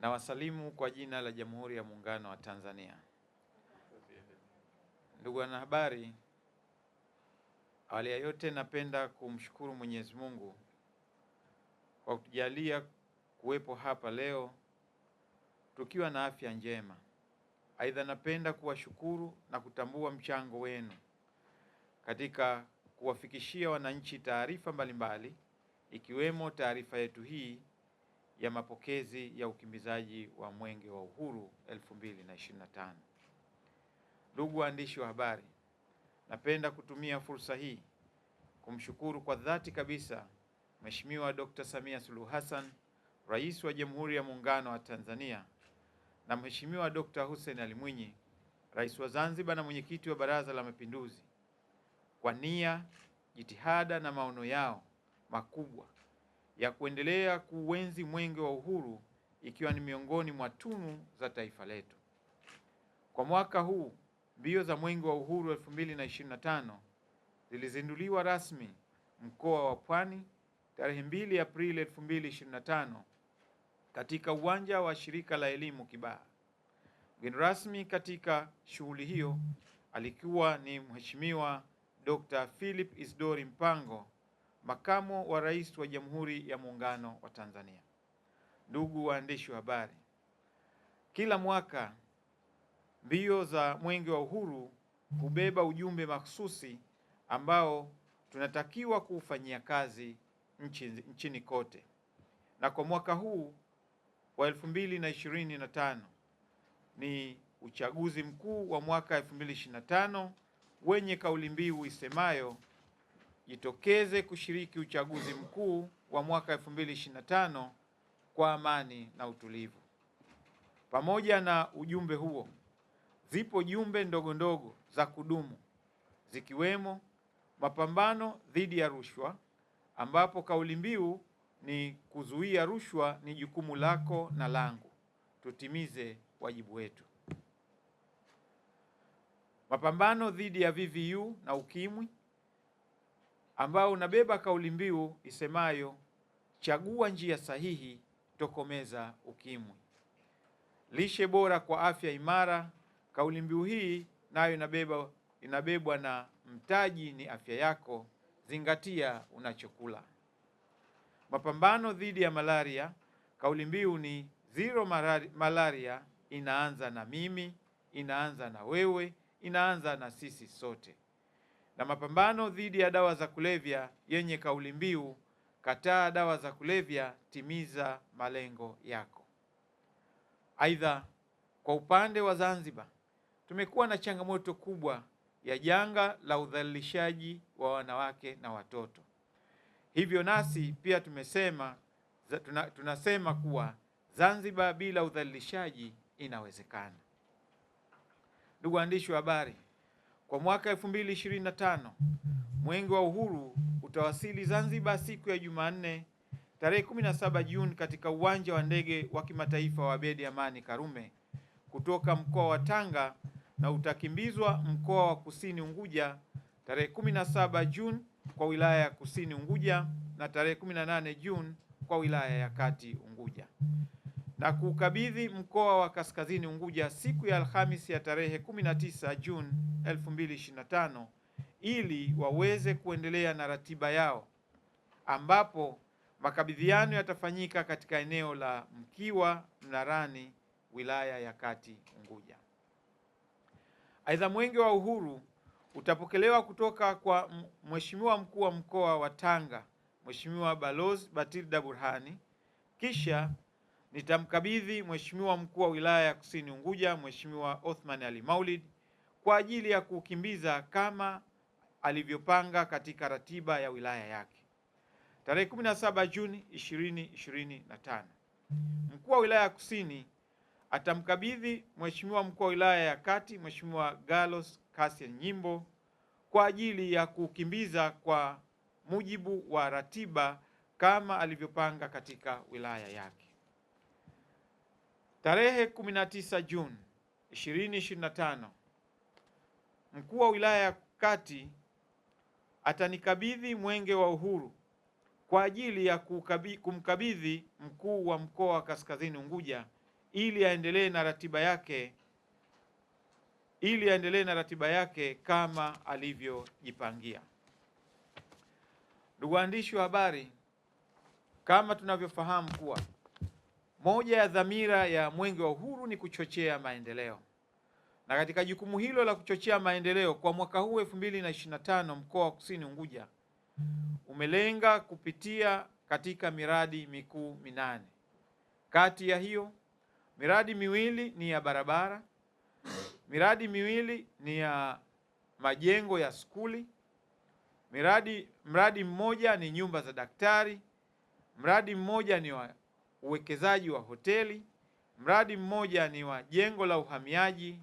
Na wasalimu kwa jina la Jamhuri ya Muungano wa Tanzania. Ndugu wanahabari, awali ya yote napenda kumshukuru Mwenyezi Mungu kwa kutujalia kuwepo hapa leo tukiwa na afya njema. Aidha, napenda kuwashukuru na kutambua mchango wenu katika kuwafikishia wananchi taarifa mbalimbali ikiwemo taarifa yetu hii ya mapokezi ya ukimbizaji wa Mwenge wa Uhuru 2025. Ndugu waandishi wa habari, napenda kutumia fursa hii kumshukuru kwa dhati kabisa Mheshimiwa Dr. Samia Suluhu Hassan, Rais wa Jamhuri ya Muungano wa Tanzania na Mheshimiwa Dr. Hussein Ali Mwinyi, Rais wa Zanzibar na Mwenyekiti wa Baraza la Mapinduzi kwa nia, jitihada na maono yao makubwa ya kuendelea kuuenzi mwenge wa uhuru ikiwa ni miongoni mwa tunu za taifa letu. Kwa mwaka huu mbio za mwenge wa uhuru 2025 zilizinduliwa rasmi mkoa wa Pwani tarehe 2 Aprili 2025 katika uwanja wa shirika la elimu Kibaha. Mgeni rasmi katika shughuli hiyo alikuwa ni Mheshimiwa Dr. Philip Isdori Mpango makamo wa Rais wa Jamhuri ya Muungano wa Tanzania. Ndugu waandishi wa habari, kila mwaka mbio za Mwenge wa Uhuru hubeba ujumbe mahususi ambao tunatakiwa kuufanyia kazi nchi, nchini kote na kwa mwaka huu wa 2025 ni uchaguzi mkuu wa mwaka 2025 wenye kauli mbiu isemayo jitokeze kushiriki uchaguzi mkuu wa mwaka 2025 kwa amani na utulivu. Pamoja na ujumbe huo, zipo jumbe ndogo ndogo za kudumu zikiwemo mapambano dhidi ya rushwa, ambapo kauli mbiu ni kuzuia rushwa ni jukumu lako na langu, tutimize wajibu wetu. Mapambano dhidi ya VVU na ukimwi ambao unabeba kauli mbiu isemayo chagua njia sahihi, tokomeza ukimwi. Lishe bora kwa afya imara. Kauli mbiu hii nayo inabeba inabebwa na mtaji ni afya yako, zingatia unachokula. Mapambano dhidi ya malaria. Kauli mbiu ni zero malaria, inaanza na mimi, inaanza na wewe, inaanza na sisi sote na mapambano dhidi ya dawa za kulevya yenye kauli mbiu kataa dawa za kulevya, timiza malengo yako. Aidha, kwa upande wa Zanzibar tumekuwa na changamoto kubwa ya janga la udhalilishaji wa wanawake na watoto. Hivyo nasi pia tumesema tuna, tunasema kuwa Zanzibar bila udhalilishaji inawezekana. Ndugu waandishi wa habari, kwa mwaka 2025 Mwenge wa Uhuru utawasili Zanzibar siku ya Jumanne tarehe 17 Juni katika uwanja wa ndege wa kimataifa wa Abeid Amani Karume kutoka mkoa wa Tanga na utakimbizwa mkoa wa Kusini Unguja tarehe 17 Juni kwa wilaya ya Kusini Unguja na tarehe 18 Juni kwa wilaya ya Kati Unguja na kuukabidhi mkoa wa Kaskazini Unguja siku ya Alhamisi ya tarehe 19 Juni 2025 ili waweze kuendelea na ratiba yao, ambapo makabidhiano yatafanyika katika eneo la Mkiwa Mnarani, wilaya ya Kati Unguja. Aidha, Mwenge wa Uhuru utapokelewa kutoka kwa Mheshimiwa Mkuu wa Mkoa wa Tanga, Mheshimiwa Balozi Batilda Burhani, kisha nitamkabidhi Mheshimiwa mkuu wa wilaya ya Kusini Unguja Mheshimiwa Othman Ali Maulid kwa ajili ya kuukimbiza kama alivyopanga katika ratiba ya wilaya yake tarehe 17 Juni 2025. Mkuu wa wilaya ya Kusini atamkabidhi Mheshimiwa mkuu wa wilaya ya Kati Mheshimiwa Galos Kassian Nyimbo kwa ajili ya kuukimbiza kwa mujibu wa ratiba kama alivyopanga katika wilaya yake. Tarehe 19 Juni 2025 mkuu wa wilaya ya Kati atanikabidhi mwenge wa uhuru kwa ajili ya kumkabidhi mkuu wa mkoa wa Kaskazini Unguja ili aendelee na ratiba yake ili aendelee na ratiba yake kama alivyojipangia. Ndugu waandishi wa habari, kama tunavyofahamu kuwa moja ya dhamira ya Mwenge wa Uhuru ni kuchochea maendeleo, na katika jukumu hilo la kuchochea maendeleo kwa mwaka huu 2025 mkoa wa Kusini Unguja umelenga kupitia katika miradi mikuu minane. Kati ya hiyo miradi miwili ni ya barabara, miradi miwili ni ya majengo ya skuli, miradi mradi mmoja ni nyumba za daktari, mradi mmoja ni wa uwekezaji wa hoteli, mradi mmoja ni wa jengo la uhamiaji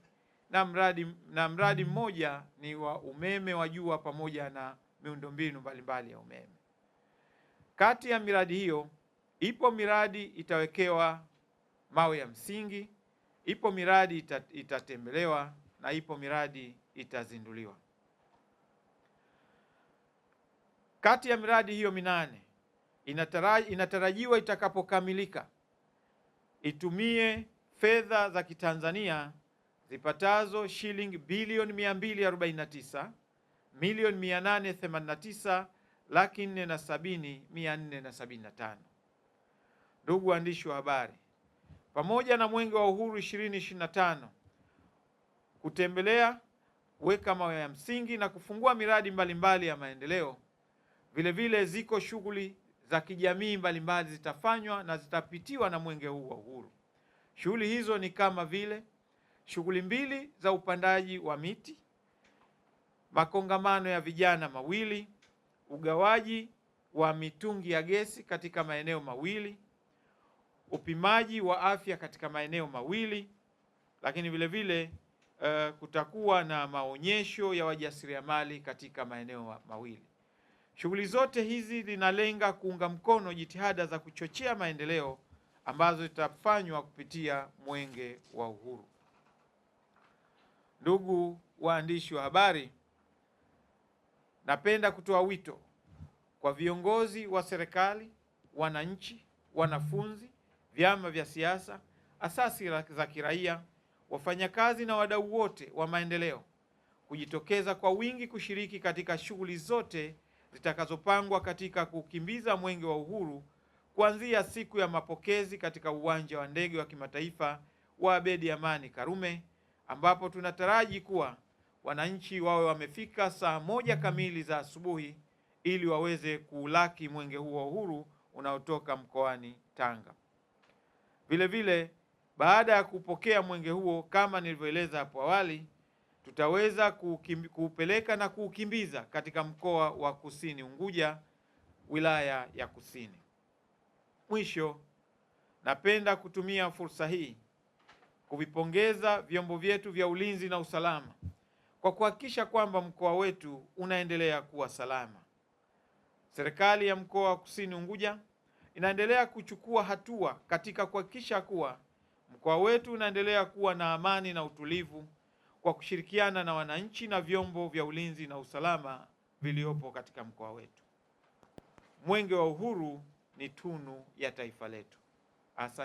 na mradi, na mradi mmoja ni wa umeme wa jua pamoja na miundombinu mbalimbali ya umeme. Kati ya miradi hiyo ipo miradi itawekewa mawe ya msingi, ipo miradi itatembelewa na ipo miradi itazinduliwa. Kati ya miradi hiyo minane inatarajiwa itakapokamilika itumie fedha za Kitanzania zipatazo shilingi bilioni 249 milioni 889 laki 4 na sabini mia na tano. Ndugu waandishi wa habari, pamoja na mwenge wa uhuru 2025 kutembelea kuweka mawe ya msingi na kufungua miradi mbalimbali mbali ya maendeleo, vilevile vile ziko shughuli za kijamii mbalimbali zitafanywa na zitapitiwa na mwenge huu wa uhuru. Shughuli hizo ni kama vile shughuli mbili za upandaji wa miti, makongamano ya vijana mawili, ugawaji wa mitungi ya gesi katika maeneo mawili, upimaji wa afya katika maeneo mawili, lakini vile vile uh, kutakuwa na maonyesho ya wajasiriamali katika maeneo mawili. Shughuli zote hizi linalenga kuunga mkono jitihada za kuchochea maendeleo ambazo zitafanywa kupitia Mwenge wa Uhuru. Ndugu waandishi wa habari, napenda kutoa wito kwa viongozi wa serikali, wananchi, wanafunzi, vyama vya siasa, asasi za kiraia, wafanyakazi na wadau wote wa maendeleo kujitokeza kwa wingi kushiriki katika shughuli zote zitakazopangwa katika kukimbiza mwenge wa uhuru kuanzia siku ya mapokezi katika uwanja wa ndege wa kimataifa wa Abedi Amani Karume, ambapo tunataraji kuwa wananchi wawe wamefika saa moja kamili za asubuhi ili waweze kuulaki mwenge huo wa uhuru unaotoka mkoani Tanga. Vilevile, baada ya kupokea mwenge huo, kama nilivyoeleza hapo awali tutaweza kuupeleka na kuukimbiza katika mkoa wa Kusini Unguja, wilaya ya Kusini. Mwisho, napenda kutumia fursa hii kuvipongeza vyombo vyetu vya ulinzi na usalama kwa kuhakikisha kwamba mkoa wetu unaendelea kuwa salama. Serikali ya mkoa wa Kusini Unguja inaendelea kuchukua hatua katika kuhakikisha kuwa mkoa wetu unaendelea kuwa na amani na utulivu kwa kushirikiana na wananchi na vyombo vya ulinzi na usalama viliopo katika mkoa wetu. Mwenge wa Uhuru ni tunu ya taifa letu. Asante.